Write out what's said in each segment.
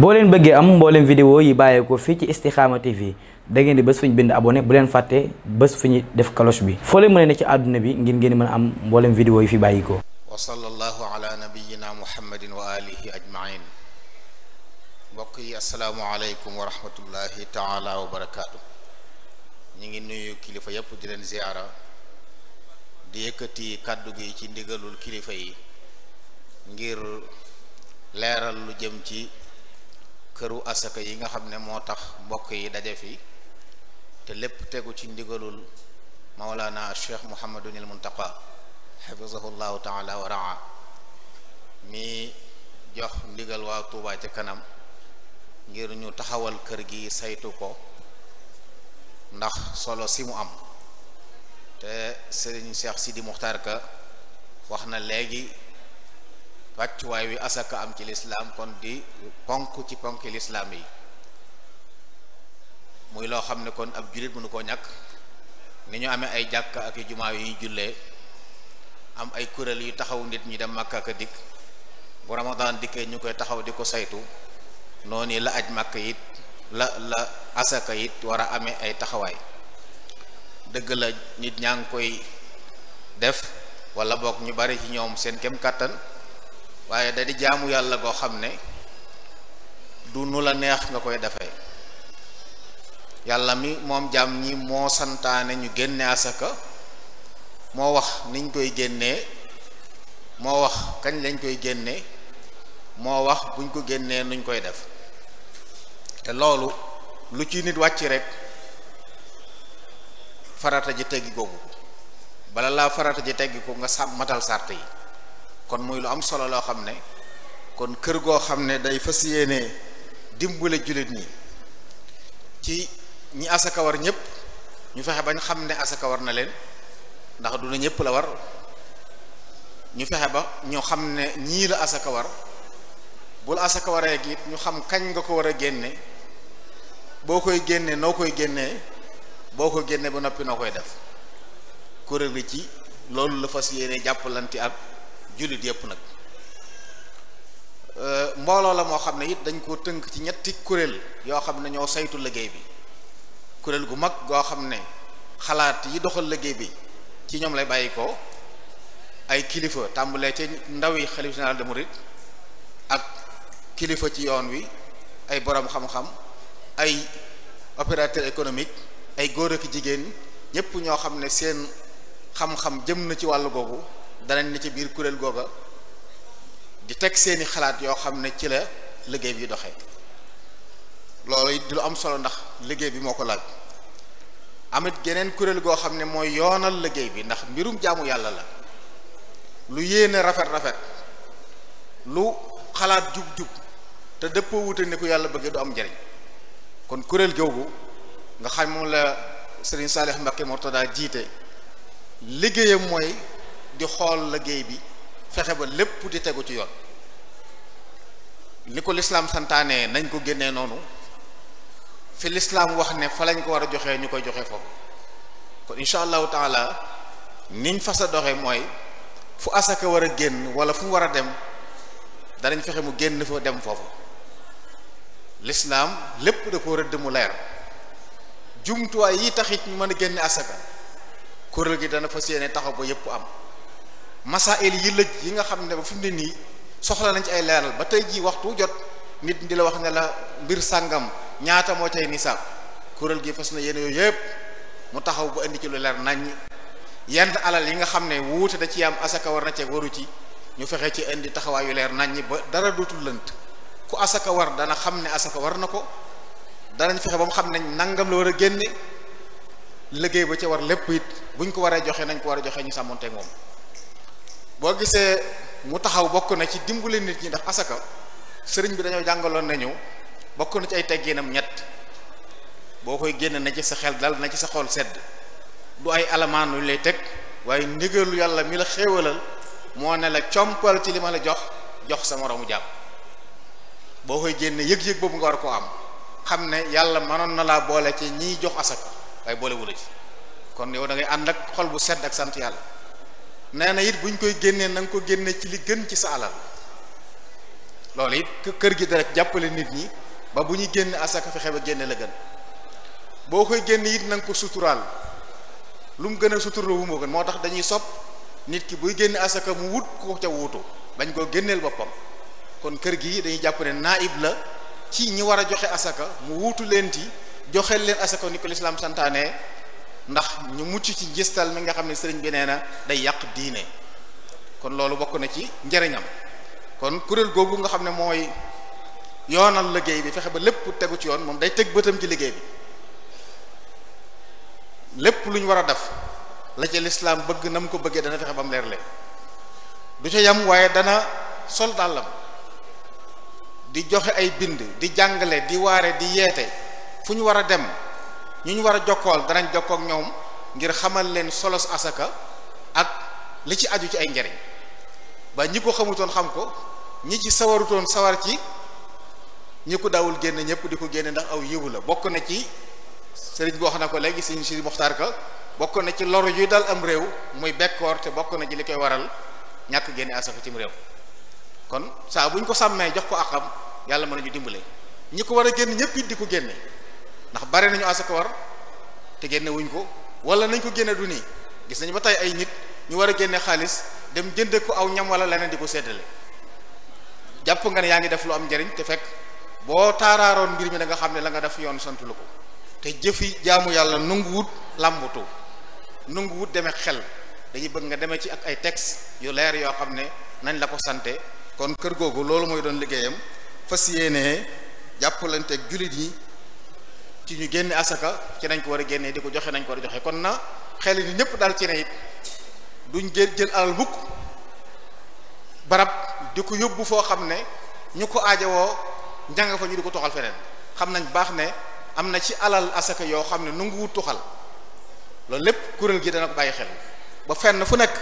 boo leen bëggee am mbooleem vidéo yi bàyyeekoo fii ci Istikhama TV da ngeen di bés fu ñu bind abonné bu leen fàtte bés fu ñu def cloche bi foo leen mën ne ci àdduna bi ngir ngeen mën am mbooleem vidéo yi fi bàyyikoo wa sallallahu ala nabiyyina muhammadin wa alihi ajmain mbokk yi asalaamu aleykum wa rahmatullahi taala wa barakaatu ñu ngi nuyu kilifa yépp di leen ziyaara di yëkkati kàddu gi ci ndigalul kilifa yi ngir ci këru asaka yi nga xam ne moo tax mbokk yi daje fi te lépp tegu ci ndigalul mawlaana cheikh muhammadunil muntaqa xafizahu llahu taala wa raa mi jox ndigal waa tuubaa ca kanam ngir ñu taxawal kër gi saytu ko ndax solo si mu am te sëriñ cheikh sidi muxtaar ka wax na léegi wàccuwaay wi asaka am ci lislaam kon di ponk ci ponk lislaam yi muy loo xam ne kon ab jullit nu ko ñàkk ni ñu amee ay jàkk ak i jumaa yu ñu jullee am ay kuréel yu taxaw nit ñi dem màkk ak a dikk bu ramadan dikkee ñu koy taxaw di ko saytu noonu la aj màkk it la la asaka it war a amee ay taxawaay dëgg la nit ñaa ngi koy def walla boog ñu bari ci ñoom seen kem kàttan waaye da di jaamu yàlla goo xam ne du nu la neex nga koy defee yàlla mi moom jaam ñi moo santaane ñu génne asaka moo wax niñ koy génnee moo wax kañ lañ koy génnee moo wax buñ ko génnee nuñ koy def te loolu lu ci nit wàcc rek farata ji teggi googu bala laa farata ji teggi ko nga sàmmatal sàrt yi kon muy lu am solo loo xam ne kon kër goo xam ne day fas yéene dimbale jullit ñi ci ñi asaka ñépp ñu fexe bañ xam ne asaka war na leen ndax du ñëpp la war ñu fexe ba ñu xam ne ñii la asaka bul asaka waree gi ñu xam kañ nga ko war a génne boo koy génnee noo koy génnee boo ko génne ba noppi noo koy def kuréel gi ci loolu la fas yéene jàppalante ak jullit yëpp nag euh, mbooloo la moo xam ne it dañ ko tënk ci ñetti kuréel yoo xam ne ñoo saytu liggéey bi kuréel gu mag goo xam ne xalaat yi doxal liggéey bi ci ñoom lay bàyyi ko ay kilifa tàmbalee ci ndaw yi xalif général de Mouride ak kilifa ci yoon wi ay borom xam-xam ay opérateur économique ay góor ak jigéen ñëpp ñoo xam ne seen xam-xam jëm na ci wàll googu danañ ne ci biir kuréel googa di teg seeni xalaat yoo xam ne ci la liggéey bi doxee loolu it di lu am solo ndax liggéey bi moo ko laaj amit geneen kuréel goo xam ne mooy yoonal liggéey bi ndax mbirum jaamu yàlla la lu yéene rafet rafet lu xalaat jub jub te dëppoo wute ni ku yàlla bëggee du am njariñ kon kuréel googu nga xam moom la Serigne Salih Mbacké Mortada jiite liggéeyam mooy di xool liggéey bi fexe ba lépp di tegu ci yoon ni ko lislaam santaane nañ ko génnee noonu fi lislaam wax ne fa lañ ko war a joxee ñu koy joxe foofu kon incha allahu taala niñ fas a doxe mooy fu asaka war a génn wala fu mu war a dem danañ fexe mu génn fa dem foofu lislaam lépp da ko rëdd mu leer jumtuwaay yi taxit ñu mën a génne asaka kuréel gi dana fas yéene taxaw ba yépp am masaayil yi lëj yi nga xam ne ba fu mu ne nii soxla nañ ci ay leeral ba tey jii waxtu jot nit di la wax ne la mbir sàngam ñaata moo cay nisaab kuréel gi fas na yéen yooyu yëpp mu taxaw bu indi ci lu leer nañ yant alal yi nga xam ne wuute da ci am asaka war na cee waru ci ñu fexe ci indi taxawaayu leer nañ ba dara dootu lënt ku asaka war dana xam ne asaka war na ko danañ fexe ba mu xam ne nangam la war a génne liggéey ba ca war lépp it buñ ko waree joxe nañ ko war a joxe ñu sàmmonteeg moom boo gisee mu taxaw bokk na ci dimbale nit ñi ndax asaka sëriñ bi dañoo jàngaloon nañu bokk na ci ay tegginam ñett boo koy génn na ci sa xel dal na ci sa xol sedd du ay alamaan yu lay teg waaye ndigalu yàlla mi la xéewalal moo ne la compal ci li ma la jox jox sa moroomu jàpp boo koy génn yëg-yëg boobu nga war ko am xam ne yàlla ma noon na laa boole ci ñiy jox asaka waaye boolewula ci kon yow da ànd ak xol bu sedd ak sant yàlla nee na it buñ koy génnee nanga ko génne ci li gën ci sa alal loolu it kër gi rek jàppale nit ñi ba bu ñu génn asaka fexe ba génne la gën boo koy génn it na ko suturaal lu mu gën a suturlu wu moo gën moo tax dañuy sopp nit ki buy génn asaka mu wut ko ca wuutu bañ koo génneel boppam kon kër gi dañuy jàpp ne naayib la ci ñi war a joxe asaka mu wuutu leen ci joxeel leen asaka ni ko lislaam santaane ndax ñu mucc ci gistal mi nga xam ne sëriñ bi nee na day yàq diine kon loolu bokk na ci njëriñam kon kuréel googu nga xam ne mooy yoonal liggéey bi fexe ba lépp tegu ci yoon moom day teg bëtam ci liggéey bi lépp lu war a def la ci lislaam bëgg na mu ko bëggee dana fexe ba mu leerle du ca yam waaye dana sol di joxe ay bind di jàngale di waare di yeete fu ñu war a dem ñu ñu war a jokkool danañ jokkook ñoom ngir xamal leen solos asaka ak li ci aju ci ay njariñ ba ñi ko xamutoon xam ko ñi ci sawarutoon sawar ci ñi ko daawul génn ñëpp di ko génne ndax aw yiwu la bokk na ci sëriñ bi wax na ko léegi sëriñ si Muxtaar ka bokk na ci loru yuy dal am réew muy bekkoor te bokk na ci li koy waral ñàkk génne asaka cim réew kon saa bu ñu ko sàmmee jox ko axam yàlla mën nañu dimbale ñi ko war a génn ñëpp di ko génne ndax bare nañu asakowar te génnewuñ ko wala nañ ko génne du nii gis nañ ba tey ay nit ñu war a génne xaalis dem jënde ko aw ñam wala leneen di ko seddale jàpp nga ne yaa ngi def lu am njariñ te fekk boo taaraaroon mbir mi da nga xam ne la nga def yoon sant lu ko te jëfi jaamu yàlla nungu làmbutu làmbatu deme xel dañuy bëgg nga demee ci ak ay tex yu leer yoo xam ne nañ la ko sante kon kër googu loolu mooy doon liggéeyam fas yéenee jàppalante ak jullit yi ci ñu génne asaka ci nañ ko war a génnee di ko joxe nañ ko war a joxe kon na xel ni ñëpp daal ci ne it duñ jël jël alal mukk barab di ko yóbbu foo xam ne ñu ko aajowoo njàng fa ñu di ko toxal feneen xam nañ baax ne am na ci alal asaka yoo xam ne nanguwu toxal loolu lépp kuréel gi dana ko bàyyi xel ba fenn fu nekk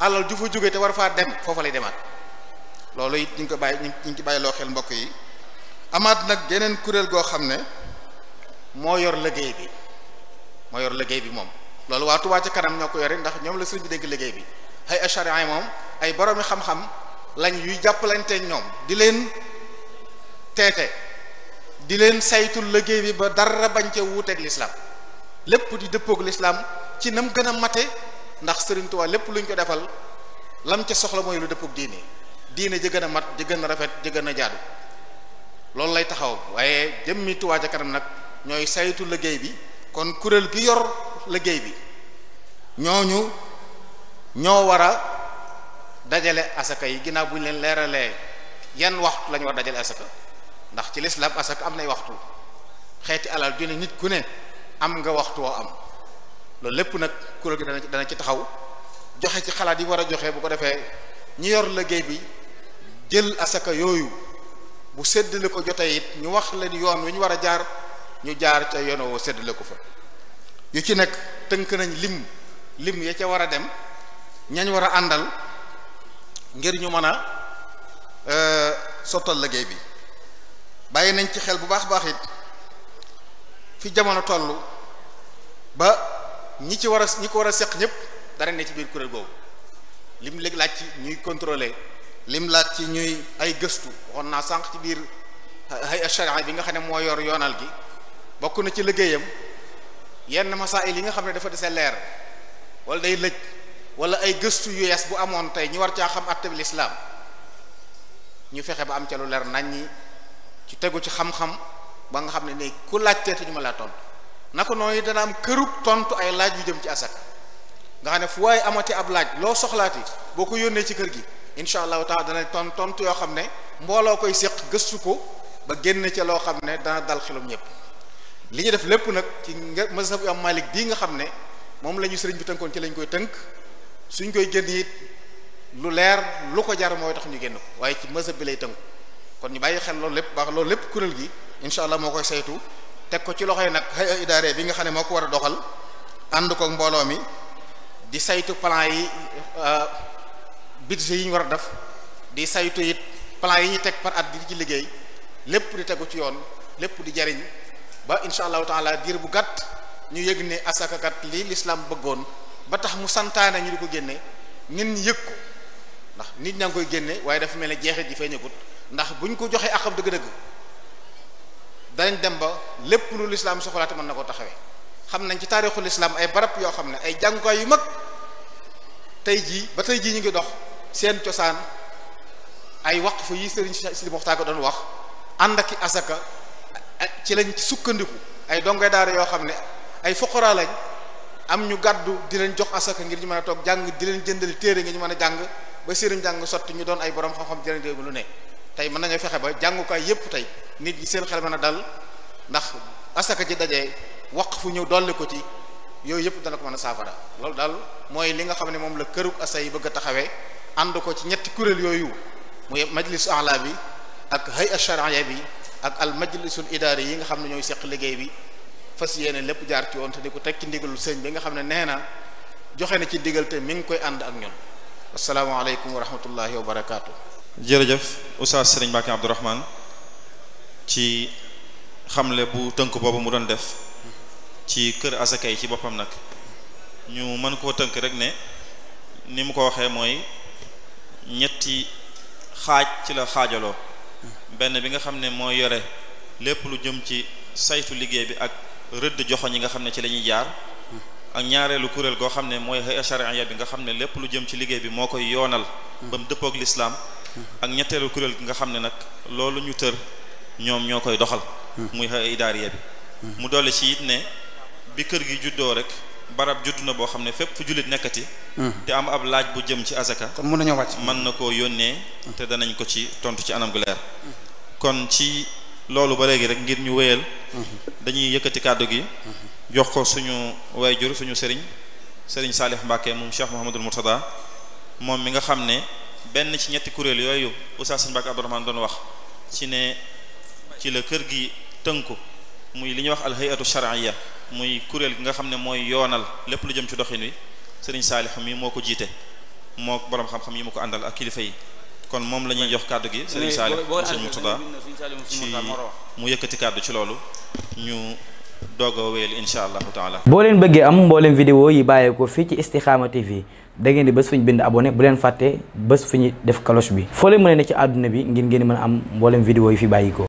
alal ju fa jóge te war faa dem foofu lay demaat loolu it ñu ngi ko bàyyi ñu ngi ci bàyyi loo xel mbokk yi amaat nag geneen kuréel goo xam ne moo yor liggéey bi moo yor liggéey bi moom loolu waa Touba ca kanam ñoo ko yore ndax ñoom la sëriñ bi dégg liggéey bi ay acharian moom ay boroomi xam-xam lañ yuy jàppalanteeg ñoom di leen teete di leen saytul liggéey bi ba dara bañ ca wuuteeg lislaam lépp di dëppoog lislaam ci nam gën a mate ndax Sëriñ Tuubaa lépp luñ ko defal lam ca soxla mooy lu dëppoog diine diine ji gën a mat ji gën a rafet ji gën a jaadu loolu lay taxaw waaye jëmmi Touba ca kanam nag ñooy saytu liggéey bi kon kuréel gi yor liggéey bi ñooñu ñoo war a dajale asaka yi ginnaaw bu ñu leen leeralee yan waxtu la ñu war dajale asaka ndax ci lislaam asaka am nay waxtu xeeti alal ju ne nit ku ne am nga waxtu woo am loolu lépp nag kuréel gi dana dana ci taxaw joxe ci xalaat yi war a joxe bu ko defee ñi yor liggéey bi jël asaka yooyu bu séddale ko jotee it ñu wax leen yoon wi ñu war a jaar ñu jaar ca yoon woo séddale ko fa yu ci nekk tënk nañ lim lim ya ca war a dem ñañ war a àndal ngir ñu mën a e, sottal liggéey bi bàyyi nañ ci xel bu baax baax it fi jamono toll ba ñi ci war a ñi ko war a seq ñëpp dara ne ci biir kuréel googu lim léegi laaj ci ñuy contrôler lim laaj ci ñuy ay gëstu waxoon naa sànq ci biir ay sharia bi nga xam ne moo yor yoonal gi bokk na ci liggéeyam yenn masaayil yi nga xam ne dafa dese leer wala day lëj wala ay gëstu yu yees bu amoon tey ñu war caa xam àtte bi lislaam ñu fexe ba am ca lu leer nag ñi ci tegu ci xam-xam ba nga xam ne ni ku laaj teete ñu ma laa tontu na ko noonu dana am kërug tontu ay laaj yu jëm ci asak nga xam ne fu waaye amati ab laaj loo soxlaati boo ko yónnee ci kër gi incha allahu taala dana ton tontu yoo xam ne mbooloo koy séq gëstu ko ba génn ca loo xam ne dana dal xelum ñëpp. li ñu def lépp nag ci nga mazhabu am malik bii nga xam ne moom la ñu sëriñ bi tënkoon ci lañ koy tënk suñ koy génn it lu leer lu ko jar mooy tax ñu génn ko waaye ci mazhab bi lay tënk kon ñu bàyyi xel loolu lépp baax loolu lépp kuréel gi incha allah moo koy saytu teg ko ci loxo yi nag xëy idaare bi nga xam ne moo ko war a doxal ànd ko mbooloo mi di saytu plan yi euh, budget yi ñu war a def di saytu it plan yi ñuy teg par at di ci liggéey lépp di tegu ci yoon lépp di jariñ ba incha allahu taala diir bu gàtt ñu yëg ne asakakat lii lislaam bëggoon ba tax mu santaane ñu di ko génne nit ñi yëg ko ndax nit ñaa koy génne waaye dafa mel ne jeexit ji feeñagut ndax buñ ko joxee akam dëgg-dëgg danañ dem ba lépp lu lislaam soxlaate mën na ko taxawee xam nañ ci taarixu lislaam ay barab yoo xam ne ay jàngukaay yu mag tey jii ba tey jii ñu ngi dox seen cosaan ay waqfu yi sëriñ si Muxtaar ko doon wax ànd ak i asaka ci lañ sukkandiku ay dongoy daara yoo xam ne ay foqoraa am ñu gàddu di leen jox asaka ngir ñu mën a toog jàng di leen jëndal téere ngir ñu mën a jàng ba seenum jàng sotti ñu doon ay borom xam-xam jëriñ réew lu ne tey mën nañoo fexe ba jàngukaay yépp tey nit ñi seen xel mën a dal ndax asaka ji dajee fu ñëw dolli ko ci yooyu yëpp dana ko mën a saafara loolu daal mooy li nga xam ne moom la këru asa yi bëgg a taxawee ànd ko ci ñetti kuréel yooyu muy majlis ala bi ak hay asharia ak al majlisul idaari yi nga xam ne ñooy seq liggéey bi fas yéene lépp jaar ci yoon te ko teg ci ndigalul sëñ bi nga xam ne nee na joxe na ci ndigal te mi ngi koy ànd ak ñun asalaamaaleykum wa rahmatullahi wa barakaatu. jërëjëf Oustaz Serigne Mbacké Abdourahmane ci xamle bu tënk boobu mu doon def ci kër asaka ci boppam nag ñu mën koo tënk rek ne ni mu ko waxee mooy ñetti xaaj ci la xaajaloo. benn bi nga xam ne moo yore lépp lu jëm ci saytu liggéey bi ak rëdd joxoñ yi nga xam ne ci lañuy jaar ak ñaareelu kuréel goo xam ne mooy hay'a shar'iyya bi nga xam ne lépp lu jëm ci liggéey bi moo koy yoonal ba mu dëppook lislaam ak ñetteelu kuréel gi nga xam ne nag loolu ñu tër ñoom ñoo koy doxal muy hay'a idaariya bi mu dolli ci it ne bi kër gi juddoo rek barab juddu na boo xam ne fépp fu jullit nekkati te am ab laaj bu jëm ci azaka kon mën nañoo wàcc mën na koo yónnee te danañ ko ci tontu ci anam gu leer kon ci loolu ba léegi rek ngir ñu wéyal mhm. dañuy yëkkati kàddu gi mhm. jox ko suñu wayjur suñu sëriñ sëriñ Salih Mbacke moom Cheikh Mouhamadul Mourtada moom mi nga xam ne benn ci ñetti kuréel yooyu Oustaz Sëriñ Mbacke Abdourahmane doon wax ci ne ci la kër gi tënku muy li ñuy wax al hayatu shar'iyya muy kuréel gi nga xam ne mooy yoonal lépp lu jëm ci doxin wi sëriñ Salih mi moo ko jiite moo borom xam-xam yi mu ko àndal ak kilifa yi kon moom la ñuy jox kàddu gi sëriñ Saali sëriñ Murtada ci mu yëkkati kàddu ci loolu ñu doog a wéyal incha allahu taala boo leen bëggee am mboolem vidéo yi bàyyeekoo fii ci Istikhama TV da ngeen di bës fu ñu bind abone bu leen fàtte bés fu ñu def cloche bi foo leen mën a ne ci àdduna bi ngir ngeen mën am mboolem vidéo yi fi bàyyikoo